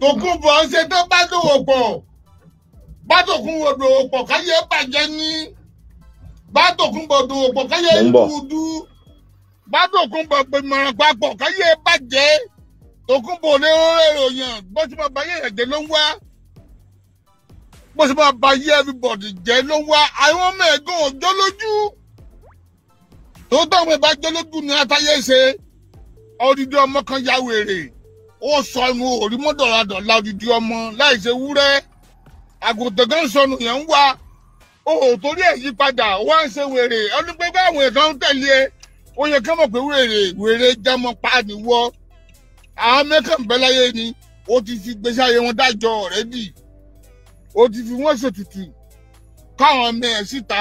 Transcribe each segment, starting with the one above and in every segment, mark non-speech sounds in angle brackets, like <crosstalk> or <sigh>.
tòkunbọ̀ ń ṣe tó bá dòwò pọ̀ bá tòkunbọ̀ dòwò pọ̀ káyé bàjẹ́ ní bá tòkunbọ̀ dòwò pọ̀ káyé dúdú bá tòkunbọ̀ gbẹmọ̀ràn papọ̀ káyé bàjẹ́ tòkunbọ̀ lè rọrẹ́ ròyìn bó ti máa báyé ẹ̀jẹ̀ ló ń wá bó ti máa báyé everybody jẹ́ ló ń wá àwọn ọmọ ẹ̀gbọ́n òjò lójú tó tọ́ àwọn ìbájọ́ lójú ni atayé ṣe odidi ọmọ kan ya wèrè ó sọnù òrí mọ́dọ̀ladọ̀la odidi ọmọ láì ṣe wúrẹ́ àgùntàn kan sọnù yẹn ń wá ó torí ẹ̀ yí padà wá ń ṣe wèrè ọdún pé báwọn èèyàn ń tẹ̀lé e ó yẹ kí wọ́n mọ̀ pé wèrè wèrè jámọ́ pa nìwọ́ àwọn mẹ́kànbẹ́ láyé ni ó ti fi gbèsè ayé wọn dájọ́ ọ̀rẹ́dì ó ti fi wọ́n ṣètùtù káwọn ọmọ ẹ̀ síta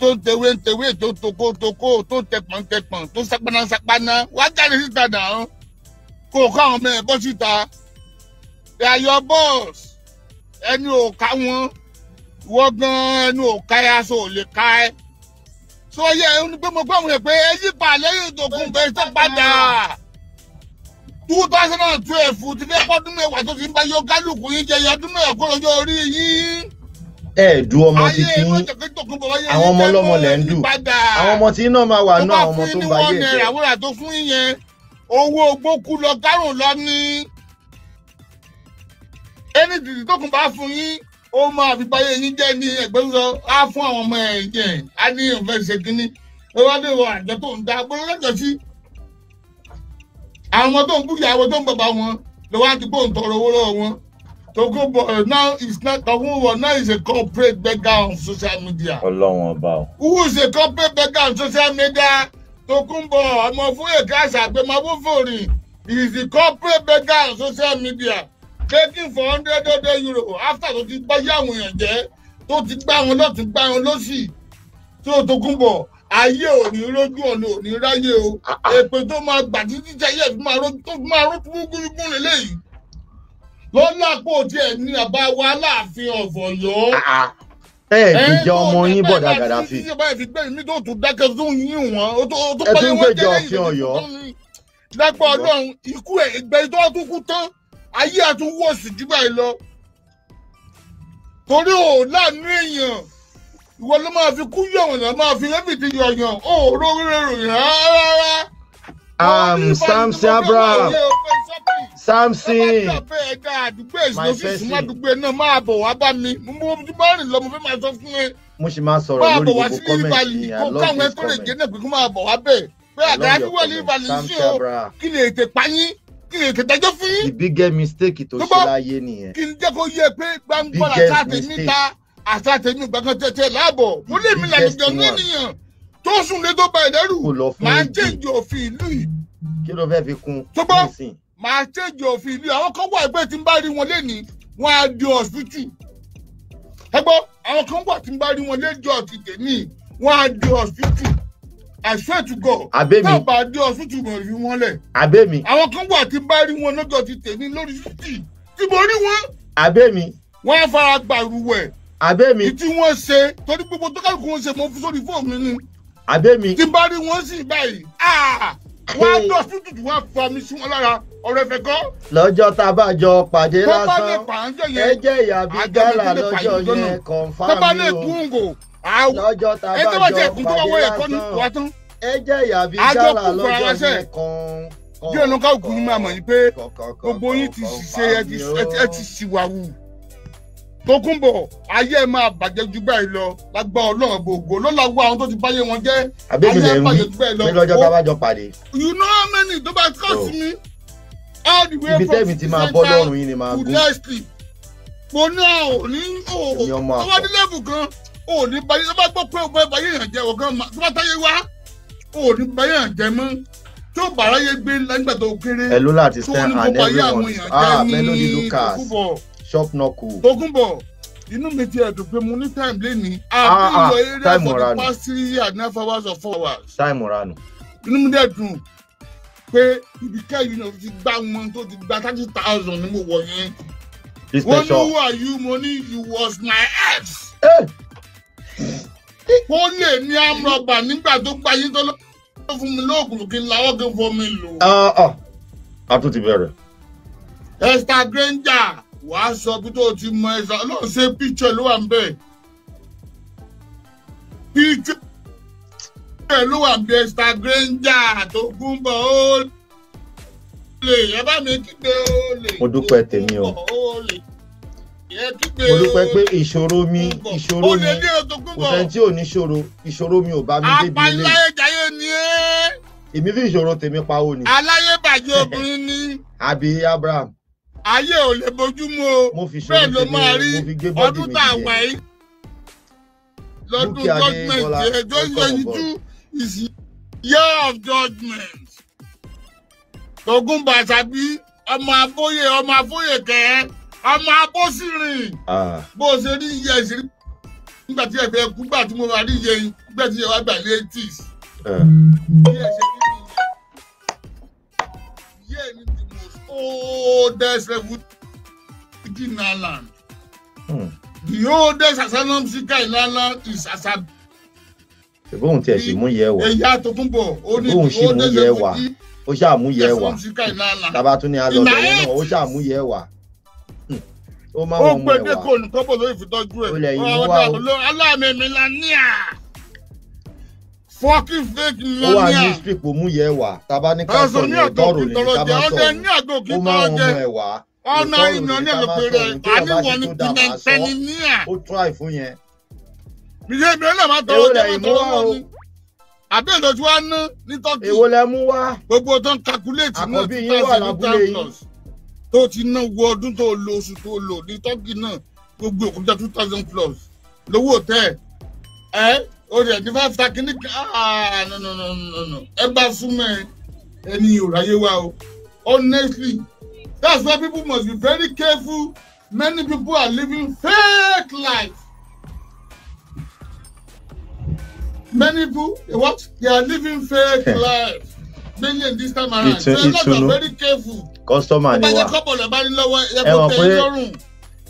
tó ń tewé ń tewé tó tokó tokó tó tẹpọ̀n tẹpọ̀n tó sápánásápáná wájà ní síta dàn án kó ká àwọn ọmọ ẹ̀ síta they are your boss ẹni ò ká wọn ìwọ gan ẹni ò ká ẹ aṣọ ò lè ká ẹ so yẹ ẹ ní pé mo gbọ́ àwọn ẹ̀ ẹ yí lẹ́yìn ìdògùn bẹ́ẹ̀ tó padà two thousand and twelve ti fẹ́ kọ́dún mẹ́wàá tó ti ń bá yọ kálukú yín jẹ ọdún mẹ́wàá kó lọ́jọ́ orí yín. ẹ du ọmọ títí àwọn ọmọ ọlọmọ lẹ ń dù àwọn ọmọ tí iná máa wà náà àwọn ọmọ tó bá yé jẹ. tó bá fún yín ní wọn náírà wúrà tó fún yín yẹn owó gbókú lọ gárùn lọ ní ẹni dìdì tó kùn bá fún yín ó máa fi báyé yín jẹ́ ní ẹgbẹ́ lọ á fún àwọn ọmọ ẹ̀ jẹ́ á ní ìfẹ́ ṣe kínní ló wá dé ìwọ àjọ tó ń da agbóná lẹ́jọ́ sí àwọn tó ń búrì àwọn tó ń bàbá wọn ló wá ti bóun tọrọ owó lọ́wọ́ wọn togo but now is not togo but now is a corporate beggar on social media. ọlọ́wọ́n ọba o. who is a corporate beggar on social media. Tokunbo Omofuye Christ Agbemabufori is the corporate beggar on social media begging for hundred hundred euro after tó ti gbáyé àwọn èèyàn jẹ́ tó ti gbá wọn lọ́tún gbá wọn lọ́sì tó Tokunbo ayé ò ní rójú ọ̀nà ò ní ráyè o èpè tó máa gbà títí tí ayé tó máa rójú gúngún lélẹ́yìí lọ́lá pò tiẹ̀ ní àbá wa láàfin ọ̀fọ̀ yọ̀ọ́. Ah, ah ẹ gbèjà ọmọ yín bọ̀dà gàdáfì. ẹ tún gbèjà òfin ọ̀yọ́. lápá ọlọ́run ikú ẹ̀ ìgbà tó wá tún kú tán ayé àtúnwò sí jù báyìí lọ. torí ò láàánú èèyàn ìwọ ló máa fi kú yọ̀wọ̀n náà máa fi lẹ́bìtì yọ̀yàn ó róró rẹ̀ ròyìn rárá. sam sabra. Samson. ẹ bá mo bá máa sọ̀rọ̀ lórí gbogbo kọ́mẹ̀ntì ní àlọ́ káwọn ẹ̀kọ́ lè jẹ́ náà pé kó máa bọ̀ the biggest mistake tó ṣe láyé nìyẹn. kí n jẹ́ kó tẹ̀tẹ̀ láàbọ̀ mo lè mi làlùjọ náà nìyẹn tó sùn lé tó bá ẹ̀dẹ́rù máa ń jẹ́ ìjọ òfin ìlú yìí. kí ló fẹ́ fi kún un nísìnyí máa ṣèjì òfin ìlú àwọn kan wà pé tí n bá rí wọn lẹ́ni wọn á di hospital ẹ àwọn kan wà tí n bá rí wọn lẹ́jọ́ ti tèmi wọn á di hospital I swear to God abemi di hospital mọ̀ rí wọn lẹ̀ àwọn kan wà tí n bá rí wọn lọ́jọ́ ti tèmi lórí títì tí mo rí wọn abemi wọn á fara gbàrúwẹ̀ abemi ìtí wọn ṣe torí gbogbo tó kálukú wọn ṣe mo fi wọ́n á dọ̀ sí tutù wọ́n á fa mi sí wọn lára ọ̀rọ̀ ẹ̀fẹ̀ lọ́jọ́ tá a bá jọ pàdé lásán ẹ ìyá bíi gálà lọ́jọ́ yẹn kọ̀ǹfà o. lọ́jọ́ tá a bá jọ pàdé lásán ẹ ìyá bíi gálà lọ́jọ́ yẹn kọ̀ǹ. bí ọ̀nà ká gùn ní màmá yìí pé gbogbo yín ti ṣe ẹ ti ṣìwà wù. Tókunbọ̀ ayé ẹ máa bàjẹ́ ju báyìí lọ lágbá ọlọ́run gbogbo ló la wá àwọn tó ti báyé wọn jẹ́ ayé ẹ bàjẹ́ ju báyìí lọ. mi lọ́jọ́ táwa jọ pàdé. you know how many tó bá cost me all the way from Nigeria to Leslie mo ní òní òòrùn tó bá dé lẹ́bù kan òní báyé tó bá gbọ́ pé òbẹ́ báyé yàn jẹ́ ọ̀gán tó bá táyé wá òní báyé yàn jẹ́ mọ́ tó bàráyé gbé lágbàdo kéré tó ní kó báyé àwọn yàn jẹ́ ní Tókunbọ̀ shop knuckle. ogunbo inú mi ti ẹ̀dùn pé mo ní time lénìí. àbí eré for the past three years nine hours or four hours. time ranu. inú mi dẹ̀ pé ibikẹ́ yìí náà ti gbá wọn tó ti gba thirty thousand ni mo wọ̀ yẹn. wọ́n ní who are you mo ní you was my ex. Eh. ó lè ní amúrọ̀bà nígbà tó gba yín tó lọ́wọ́ fún mi lóògùn kí n lawọ́ kí n fọ́ mi lò. Ah, ah. a tún ti bẹ̀rẹ̀. Esther Granger wàá sọ bí tó ti mọ ẹ̀sà ọlọ́run ṣe picture ló wà ń bẹ̀ ló wà ń bẹ̀ granger tó gún bọ̀ ó lè ẹ bá mi kígbe ó lè mo dúpẹ́ tèmi o mo dúpẹ́ pé ìṣòro mi ìṣòro kò sẹ́ni tí ò ní ṣòro ìṣòro mi ò bá mi débi ilé apaláyéjayé ni ẹ́ èmi fi ìṣòro tèmi pa ó ni aláyébàjẹ́ obìnrin ni <laughs> àbí Abraham ayé ò lè bójúmu o bẹ́ẹ̀ ló máa rí ọdún tá a wà yìí lọ́dún judgment ẹjọ́ eh, yẹjú is year of judgment. Tògúnbà Àṣàbí ọmọ abóyè ọmọ abóyè kẹ́ ọmọ abósìrìn bó o ṣe rí iye ìṣirí nígbà tí ẹ̀fẹ̀ kú gbà tí mo wà ní iye nígbà tí ẹ̀wà gbà ní eighties. bí oldest refugee in our land. Hmm. The oldest asylum seeker in our land is Asab. Ṣùgbọ́n tí ẹ sì mú yẹ wá. Ẹ̀yà tó tún bọ̀, ó ní the oldest refugee ó ṣàmúyẹ wà tàbá tún ní alọ́dọ̀ yẹn náà ó ṣàmúyẹ wà hmm. ó máa wọ́n mú ẹ wà ó gbẹdẹ́kọ̀ olùkọ́ bọ̀ lórí ìfitọ́jú ẹ̀ ó lẹ̀ yìí wá o aláàmì mi la ní à fucking fake millionaire. ó wà ní strip mú yẹ wà tábà ní ká ní ẹtọrọ ní ká má sọ ó má ń mú ẹ wà ọ̀nà ìnà ní ẹ̀lòpẹ̀rẹ̀ àníwọ̀ ní pìlẹ̀ntẹ́ni ní à. ó tún àìfún yẹn. ìyá èmi ọ̀nà máa tọrọ jẹ́ wọn tọrọ wọn ni. àbí èdè tí wàá ní tọ́kì. èwo lẹ mú wá. gbogbo tó ń kakuléètì náà ti tà sí ní tàǹtọ̀s. tó ti ná wo ọdún tó lo oṣù tó lò ní tọ́kì náà gbogbo òkúta two thousand plus lówó tẹ́ ẹ̀ o rẹ̀ bá ta kínní kan ah, no no no no no ẹ bá súnmọ́ ẹ ẹni ò wa o honestly that's why people must be very careful many people are living fake life many people what they are living fake okay. <laughs> life million this time around ìtú, so a lot of very careful customer ni wa ẹ pé ẹ pé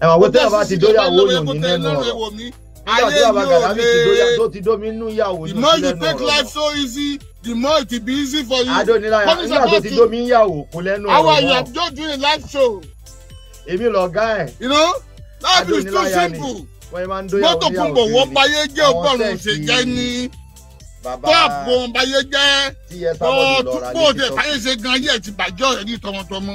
tẹ́ ẹ bá ti dóyàwó yòó ní mẹ́nu ọ̀rọ̀ ayé yóò le the more you take life so easy the more it be easy for you. adonila nígbà tó ti domi ìyàwó kò lẹ́nu ọ̀rọ̀ wọn. our yam just do a live show. èmi lọ̀gá ẹ̀. you know life is too simple. mọ́tò kúnbọ̀ wọ́n báyé jẹ́ ọgbọ́n ṣe jẹ́ ní tọ́ọ̀bù ọ̀n báyé jẹ́ ọ̀ túpọ̀ tẹ̀ báyé ṣe gan ayé ẹ̀ ti bàjẹ́ ọ̀rẹ́ ní tọmọtọmọ.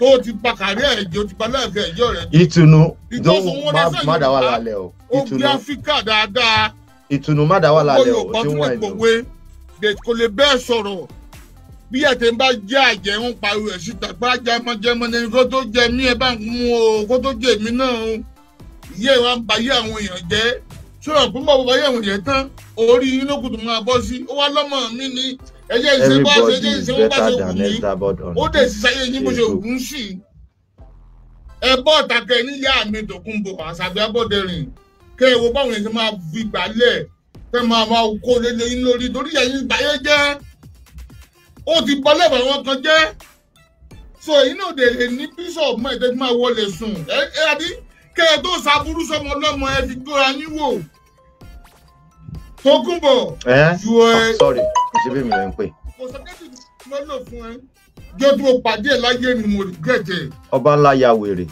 tó o ti pa kàrí ẹ̀jẹ̀ o ti pa láìpẹ́ ẹ̀jẹ̀ rẹ̀. ìtùnú dóhùn má wà lálẹ́ o ìtùnú ó áfíríkà dáadáa. ìtùnú má wà lálẹ́ o tí wọ́n ẹ̀ lò. kò lè bẹ́ẹ̀ sọ̀rọ̀ bí ẹ̀tẹ̀ ń bá jẹ́ àjẹ́ ń pariwo ẹ̀ síta pé ajá ẹmọ jẹmọ ni kó tó jẹ mí ẹ bá ń mú o kó tó jẹ mí náà o ìyá ìwà ń ba àwọn èèyàn jẹ́ sọ̀rọ̀ pé mo bá àwọn èèyàn tán orí inú kùtù máa sí ó wá lọ́mọ mi ni everybody is better than Elizabeth on Facebook. ẹ bọ́ ọ̀tàkẹ́ níyà mi tòkunbọ̀ àṣàgbé abọ́dẹ̀rìn kẹ́ ẹ wo báwọn èèyàn máa fi gbálẹ̀ kẹ́ máa máa kó lélẹ̀ yín lórí torí ẹ̀yin ìgbàyẹ̀ jẹ́ ó ti bọ́ lẹ́bàá wọn kan jẹ́ so èyí náà dé lè ní bíṣọ̀pù mọ́ ẹ̀dẹ́gbẹ́ máa wọlé sùn ẹ̀ ẹ̀ àbí kẹ́ ẹ tó ṣàbúrú sọmọ ọlọ́mọ ẹ fi gbóra yín wò. Tógúnbọ̀. Ẹ sọ́ọ̀rì, kò sí bí mi lè ń pè. Kò sọ pé mo fún ẹ. Jọ́ tí mo pàdé ẹ̀ láyé ni mo regret Ọba ńlá ya wèrè.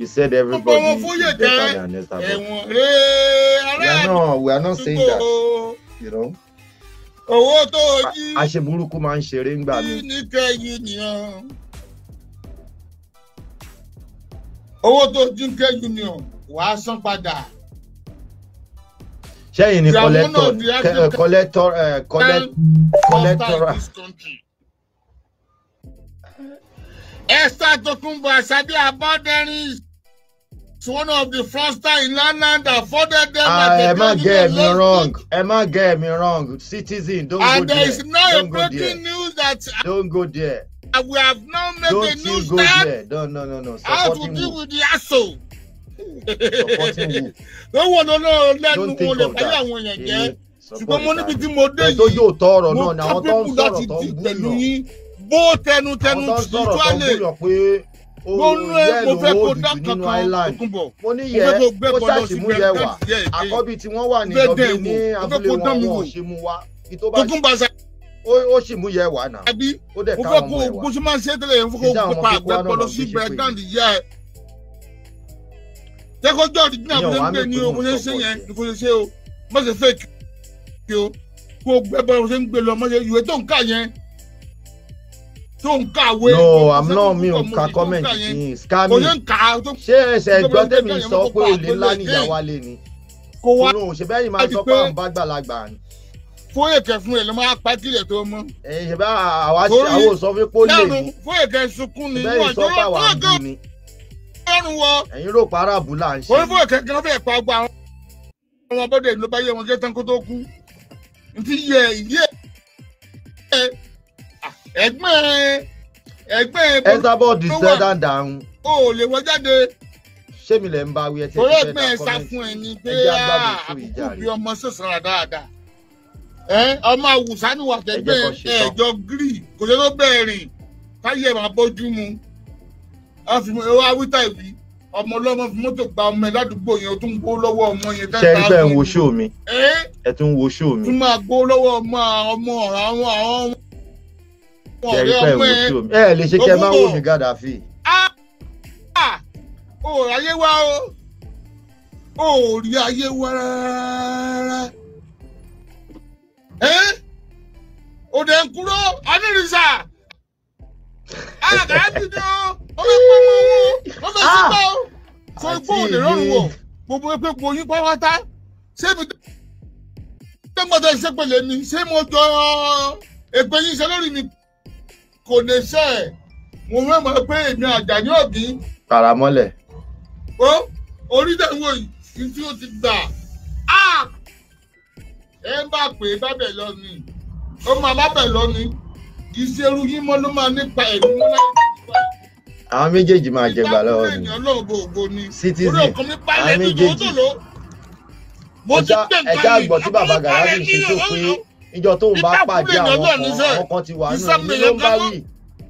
He said everybody is better than next time. Ẹ̀wọ̀n rẹ̀ ará We are not saying that. You know? Owó tó o jí. Aṣeburúkú máa ń ṣeré ńgbà mi. Kí ni kẹ́yìn nìyẹn? Owó tó o jí ń kẹ́yìn wàá san padà. sẹ́yìn ni collector eh, collector eh, collector Esther Tokunbo Asade Aboderin is one of the fraudsters in London that funded them. Ah, uh, ẹ má get me wrong. Ẹ má get me wrong. Citizen, don't go there. And there is now don't a breaking news that. Don't go there. We have now made don't a news go There. No, no, no, no. Supporting how to deal with the asshole lọ́wọ́ lọ́nà <laughs> lẹ́nu wọn lè fẹ́ àwọn èèyàn jẹ́ ṣùgbọ́n mo níbi tí mo dé yìí mo kọ́ pípù láti di pẹ̀lú yín bó tẹnutẹnu spiritually mo oh, nú ẹ mo fẹ́ kó dá kankan Ògúnbọ̀ mo ní yẹ kó ṣàṣìmú yẹ wà àkọ́bí tí wọ́n wà ní ọbí ní abúlé wọn wọn ṣe mú wa ìtọ́ba ó sì mú yẹ wà náà ó dẹ̀ ká wọn mú wà. mo fẹ́ kó o tẹ́lẹ̀ yẹn fún kó pa àgbẹ̀ pọ̀ lọ sí bẹ̀rẹ̀ dáǹdì yẹ jẹ́kọ́jọ́ ọ̀dìjínà bó ṣe ń gbé ni o bó ṣe ń ṣe yẹn ni kò ṣe ṣe o má ṣe fake kí o kó o gbẹ ṣe ń gbé lọ má ṣe ìwé tó ń kà yẹn tó ń kàwé. no i'm not mi ò ka comment yìí scammy ṣé ẹsẹ̀ ẹ̀gbọ́n tèmi sọ pé olè ńlá ni ìyá wa lè kó wá kó ṣe bẹ́ẹ̀ ni máa sọ pé àwọn bá gbàlagbà ni. fóyè kẹfún ẹ ló máa pa kílẹ̀ tó mọ́. ẹ̀yìn ṣe bá àwa sọ fún pólì ni fóyè kẹsùn kún ni wọ́n jọ́ fóyè kẹsùn lọ́rùn wọ. ẹ̀yin rò pa aráàbù là ń ṣe. orí fún ìkẹ́kẹ́ wọn fẹ́ẹ́ pa ọgbà àwọn ọmọ bọ́dẹ̀ ló bá yẹ wọn jẹ́ tán kó tó kú. nti yẹ yẹ ẹgbẹ́ ẹgbẹ́. Esabod is dead and down. o ò lè wọ jáde. ṣé mi ń bá wí ẹtí ẹgbẹ́ ẹ̀dá kọ́mẹ́ntì. orí ẹgbẹ́ sá fún ah, ọmọ sọ̀sọ̀rọ̀ ni wà tẹ́gbẹ́ ẹ̀jọ̀ gírì kò yẹ ló bẹ̀rẹ̀ táyé máa bójú mu a fi awítà ìwí ọmọ ọlọ́mọ fi mọ́tò gba ọmọ ẹ ládùúgbò yẹn o tún gbó lọ́wọ́ ọmọ yẹn tẹ́ta ṣe ẹ ń wo ṣó mi ẹ tún wo ṣó mi. tún máa gbó lọ́wọ́ ọmọ ọmọ àwọn àwọn ọ̀rẹ́ ọmọ ẹ ẹ lè ṣe kẹ máa wò mí gàdáfì. o ò ráyé wá o o ò rí ayé wá rárá òdè ń kúrò anírìsà àgàtì ni ó ọmọ ẹ̀pọ̀ ọmọ wọn wọ́n fẹ́ sí gbọ́ so igbó ò lè rọrùn wọ̀ gbogbo epo epo yín pátá ṣé mi tó mọ̀ tẹ́ ṣe pẹ̀lẹ́ mi ṣé mo jọ èpè yín ṣe lórí mi kò lè ṣe ẹ̀ mo fẹ́ mọ̀ pé èmi Àjàní Òbí. karamọ́lẹ̀. ó orí dẹ̀ ń wò yìí tí ó ti gbà á ẹ ń bá pè é bábẹ̀ lọ ni ó máa bábẹ̀ lọ ni ìṣerú yín mọ́ ló máa nípa ẹ̀mí mọ́ àwọn méjèèjì máa jẹgbà lọ́wọ́ mi citizen àwọn méjèèjì ẹja àgbọ̀ tí bàbá Gàláfì ṣe tó pé ìjọ tó ń bá pàdé àwọn kan àwọn kan ti wà nù mí ló ń bá wì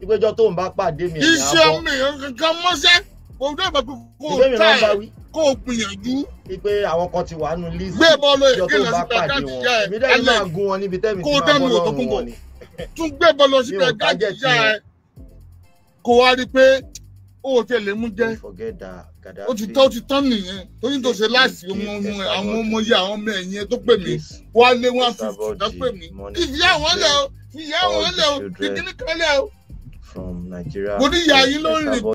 ìgbẹ́jọ́ tó ń bá pàdé mi ẹ̀yà bọ́. iṣẹ́ mi kankan mọ́ṣẹ́ kò dábàá pé kò tá ẹ̀ kó o gbìyànjú. wípé àwọn kan ti wà nù lísì ìjọ tó ń bá pàdé wọn èmi gun wọn níbi tẹ́mi tí máa bọ́ lọ́rùn wọn ni. tún gbé bọ́ọ̀lù síbẹ̀ gáàjì já ẹ kó wá rí pé ó ò tẹ̀lé mú jẹ́ ó ti tán ó ti tán nìyẹn torí tó ṣe láti àwọn ọmọ yìí àwọn ọmọ ẹ̀yìn tó pè mí wá lé one fifty tó pè mí ìyá àwọn lẹ o ìyá àwọn lẹ o kíkíní kan lẹ o